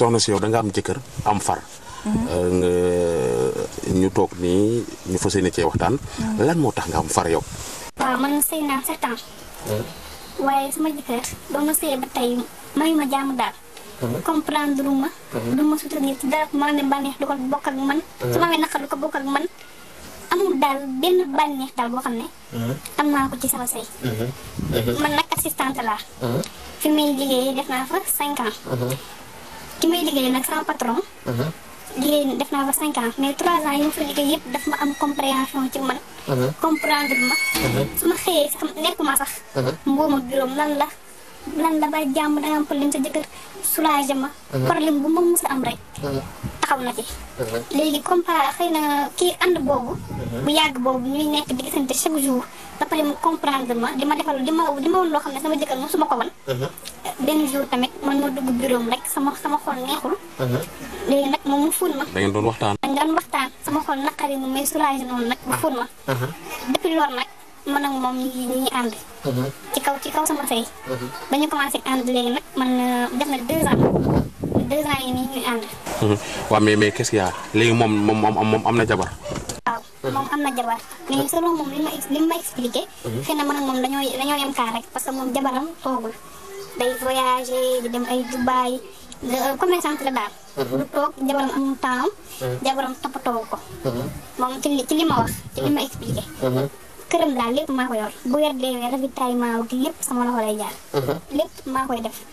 soxna si yow da am jëkkër am far. Mhm. ñu toog nii ñu fa yéene cee waxtaan. Mhm. lan moo tax nga am far yow. waaw man sëy naa sept hmm. waaye sama jëkkër ba ma ba tey may jaamu daal. Hmm. comprendre lu ma. du hmm. ma soutenir ma ne bànneex du ko bokk ak man. su ma amee du ko bokk ak man. amul daal benn bànneex daal boo xam ne. am naa ko ci sama sëy. man nag assistante laa. fi may liggéeyee def naa fa cinq ans. ci may liggéeyee nag sama patron. Uh-huh. liggéey def naa fa cinq ans mais trois ans yi ma fa liggéey yëpp daf ma am compréhension ci man. Uh-huh. comprendre ma. Uh-huh. su ma xëyee sax nekkuma sax. mbooma biroom lan la lan la ba jàmm da nga am problème sa jëkkër soulagé ma. problème bu ma mës a am rek. taxaw na ci. Uh-huh. léegi comme pas xëy na kii ànd boobu. bu uh-huh. yàgg boobu ñuy nekk di gisante chaque jour ba comprendre ma di ma defal di ma di ma woon loo xam ne sama jëkkër mosuma ko wan. Uh-huh. benn jour tamit man ma dugg bureau sama sama xol neexul. léegi nag moom mu fóon ma. da ngeen doon waxtaan. da ngeen doon waxtaan sama xol naqari mu may soulagé noonu nag mu fóon ma. depuis loolu nag man ak moom ñu ñu ànd. ci kaw ci kaw sama sëy. ba ñu commencé ànd léegi nag man euh, def na deux ans. deux ans yi nii ñuy ànd. Mhm. waaw mais mais qu'est-ce léegi moom moom moom am na jabar. waaw moom am na jabar mais selon moom li ma li ma expliqué. Mhm. xëy man moom dañoo dañoo kaa rek parce que moom jabaram toogul euh, mhm. jabaram amul temps jabaram moom ci li wax ci li expliqué. këram daal lépp maa koy def.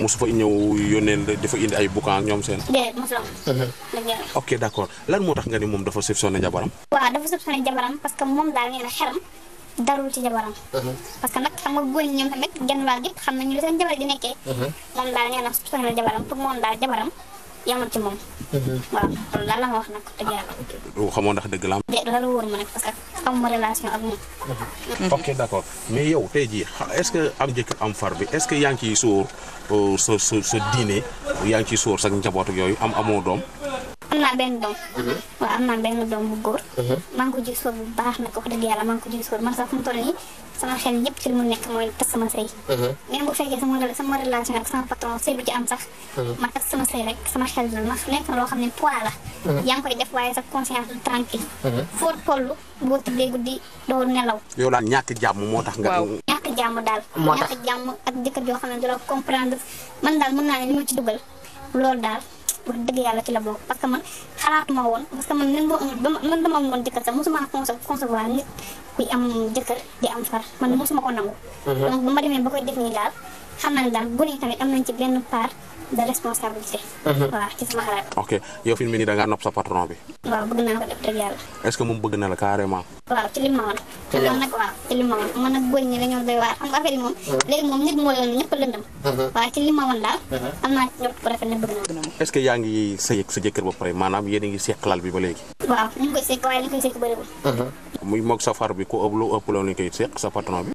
mosu fa ñëw yónneen dafa indi ay boucan ñoom seen. Uh-huh. ok d' accord lan moo tax nga ni moom dafa soupçonné jabaram. waaw dafa soupçonné jabaram jabaram. Uh-huh. parce que nag xam nga góor ñoom seen uh-huh. jabaram pour moom daal jabaram yamul ci moom. waaw loolu la ma wax nag dëgg yàlla. dëgg la am. ma nag parce que xamuma relation ak moom. ok d' accord mais yow tey jii est ce que am njëkk am far bi est ce que yaa ngi ciy sóor Euh, sa sa sa diine yaa ngi ciy sóor sax njaboot ak yooyu am amoo doom. am naa benn doom. Mhm. waaw am naa benn doom bu góor. Mhm. maa ko ji sóor bu baax nag wax dëgg yàlla maa ngi ko ji sóor mu nekk mooy tas sama sëy. Mhm. même bu fekkee sama relation ak sama patron sëy bu ci am sax. ma tas sama sëy rek sama xel dul ma loo xam ne poids la. yaa ngi koy def waaye sa conscience du tranquille. foo toll boo tëddee guddi doo nelaw. yow daal ñàkk jàmm moo tax nga. ñàkk jàmm daal. moo tax ñàkk jàmm ak jëkkër joo xam ne du la comprendre man daal mën naa ne li ma ci dugal loolu daal wax dëgg yàlla ci la bokk parce que man xalaatuma woon parce que man nen boo amul man dama amoon jëkkër sax mosuma concevoir nit kuy am jëkkër di am far man mosuma ko nangu. Mhm. donc bu ma def nii daal xam naa ne daal bu ne tamit am nañ ci benn part de responsabilité. Mhm. waaw ci sama xalaat. ok yow fi mu nii da ngaa sa patron bi. waaw bëgg naa ko def dëgg yàlla. est-ce que moom bëgg na la carrément. waaw ci li ma nag waaw ci li ma woon man xam nga affaire moom. léegi moom nit moo yoon ñëpp lëndam. Uh-huh. waaye ci li daal. Uh-huh. am naa ci ñëpp rafet na bëgg naa. est que yaa ngi sëy ak sa jëkkër ba pare maanaam yéen a ngi seq lal bi ba léegi. waaw ñu ngi koy seq waaye li ñu koy seq bëriwul. Uh-huh. muy moog safar bi ku ëpp lu ëpp koy seq sa patron bi.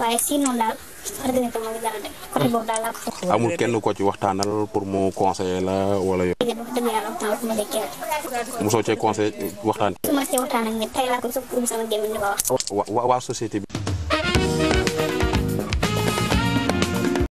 waaye sinon laa amul kenn ko ci waxtaanal pour mu conseiller la wala yow. dëgg la dëgg cee conseil waxtaan. su ma um waa société bi.